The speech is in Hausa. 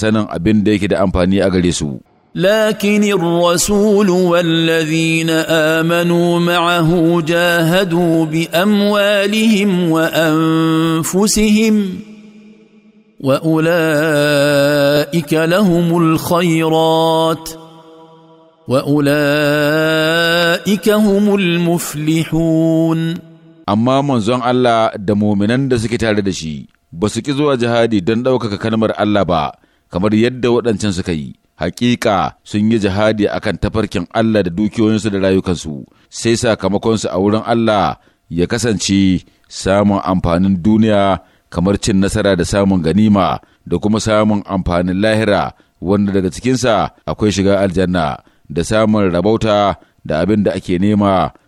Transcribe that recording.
sanin abin da yake da amfani a gare su. لكن الرسول والذين امنوا معه جاهدوا باموالهم وانفسهم واولئك لهم الخيرات واولئك هم المفلحون amma manzon Allah da muminan da suke tare da shi ba su ƙi zuwa jihadi don ɗaukaka kalmar Allah ba kamar yadda waɗancan suka yi hakika sun yi jihadi akan tafarkin Allah da dukiyoyinsu da rayukansu sai sakamakonsu a wurin Allah ya kasance samun amfanin duniya kamar cin nasara da samun ganima da kuma samun amfanin lahira wanda daga cikinsa akwai shiga aljanna da samun rabauta da abin da ake nema